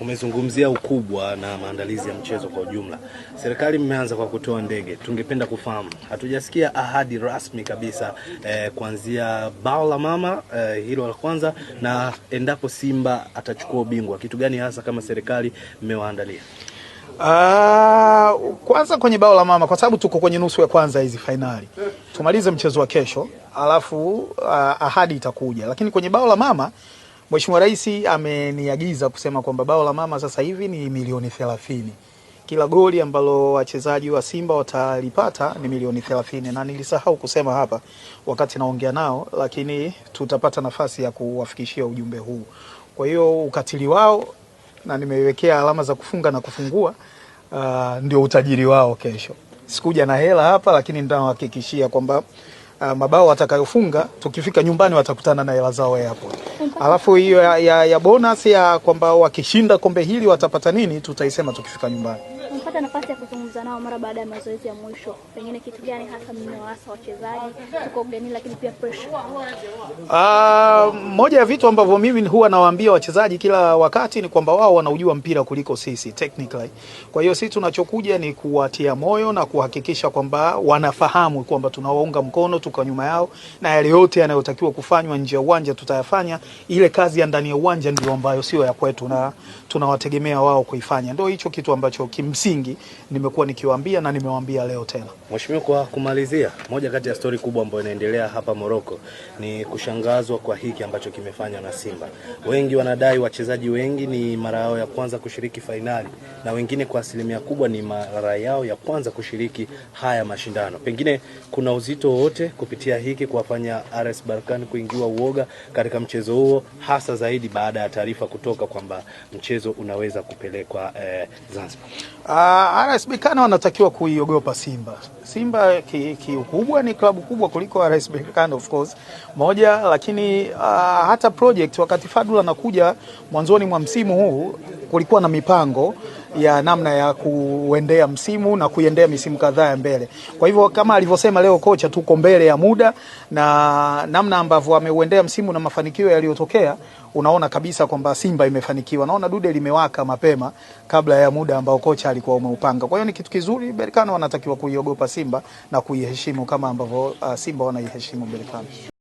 Umezungumzia ukubwa na maandalizi ya mchezo kwa ujumla. Serikali mmeanza kwa kutoa ndege, tungependa kufahamu, hatujasikia ahadi rasmi kabisa eh, kuanzia bao la mama eh, hilo la kwanza, na endapo Simba atachukua ubingwa, kitu gani hasa kama serikali mmewaandalia? Uh, kwanza kwenye bao la mama, kwa sababu tuko kwenye nusu ya kwanza hizi fainali, tumalize mchezo wa kesho, alafu uh, ahadi itakuja, lakini kwenye bao la mama Mheshimiwa Rais ameniagiza kusema kwamba bao la mama sasa hivi ni milioni thelathini. Kila goli ambalo wachezaji wa Simba watalipata ni milioni thelathini, na nilisahau kusema hapa wakati naongea nao, lakini tutapata nafasi ya kuwafikishia ujumbe huu. Kwa hiyo ukatili wao na nimeiwekea alama za kufunga na kufungua, uh, ndio utajiri wao kesho. Sikuja na hela hapa, lakini nitawahakikishia kwamba uh, mabao watakayofunga tukifika nyumbani watakutana na hela zao hapo. Alafu hiyo ya, ya, ya bonus ya kwamba wakishinda kombe hili watapata nini tutaisema tukifika nyumbani kuzungumza nao mara baada ya mazoezi ya mwisho, pengine kitu gani hasa mmewasa wachezaji tuko gani, lakini pia pressure? Uh, moja ya vitu ambavyo mimi huwa nawaambia wachezaji kila wakati ni kwamba wao wanaujua mpira kuliko sisi technically. Kwa hiyo sisi tunachokuja ni kuwatia moyo na kuhakikisha kwamba wanafahamu kwamba tunawaunga mkono, tuko nyuma yao na yale yote yanayotakiwa kufanywa nje ya uwanja tutayafanya. Ile kazi ya ndani ya uwanja ndio ambayo sio ya kwetu na tunawategemea wao kuifanya. Ndio hicho kitu ambacho kimsingi nimekuwa nimekuwa nikiwaambia na nimewaambia leo tena. Mheshimiwa, kwa kumalizia, moja kati ya stori kubwa ambayo inaendelea hapa Moroko ni kushangazwa kwa hiki ambacho kimefanywa na Simba. Wengi wanadai wachezaji wengi ni mara yao ya kwanza kushiriki fainali na wengine kwa asilimia kubwa ni mara yao ya kwanza kushiriki haya mashindano. Pengine kuna uzito wote kupitia hiki kuwafanya RS barkan kuingiwa uoga katika mchezo huo, hasa zaidi baada ya taarifa kutoka kwamba mchezo unaweza kupelekwa eh, Zanzibar. Uh, ah, RS Berkane wanatakiwa kuiogopa Simba. Simba kiukubwa ki ni klabu kubwa kuliko RS Berkane of course moja, lakini uh, hata project wakati Fadul anakuja mwanzoni mwa msimu huu kulikuwa na mipango ya namna ya kuendea msimu na kuiendea misimu kadhaa ya mbele. Kwa hivyo kama alivyosema leo kocha, tuko mbele ya muda na namna ambavyo ameuendea msimu na mafanikio yaliyotokea, unaona kabisa kwamba Simba imefanikiwa. Naona dude limewaka mapema kabla ya muda ambao kocha alikuwa umeupanga. Kwa hiyo ni kitu kizuri, Berkane wanatakiwa kuiogopa Simba na kuiheshimu kama ambavyo uh, Simba wanaiheshimu Berkane.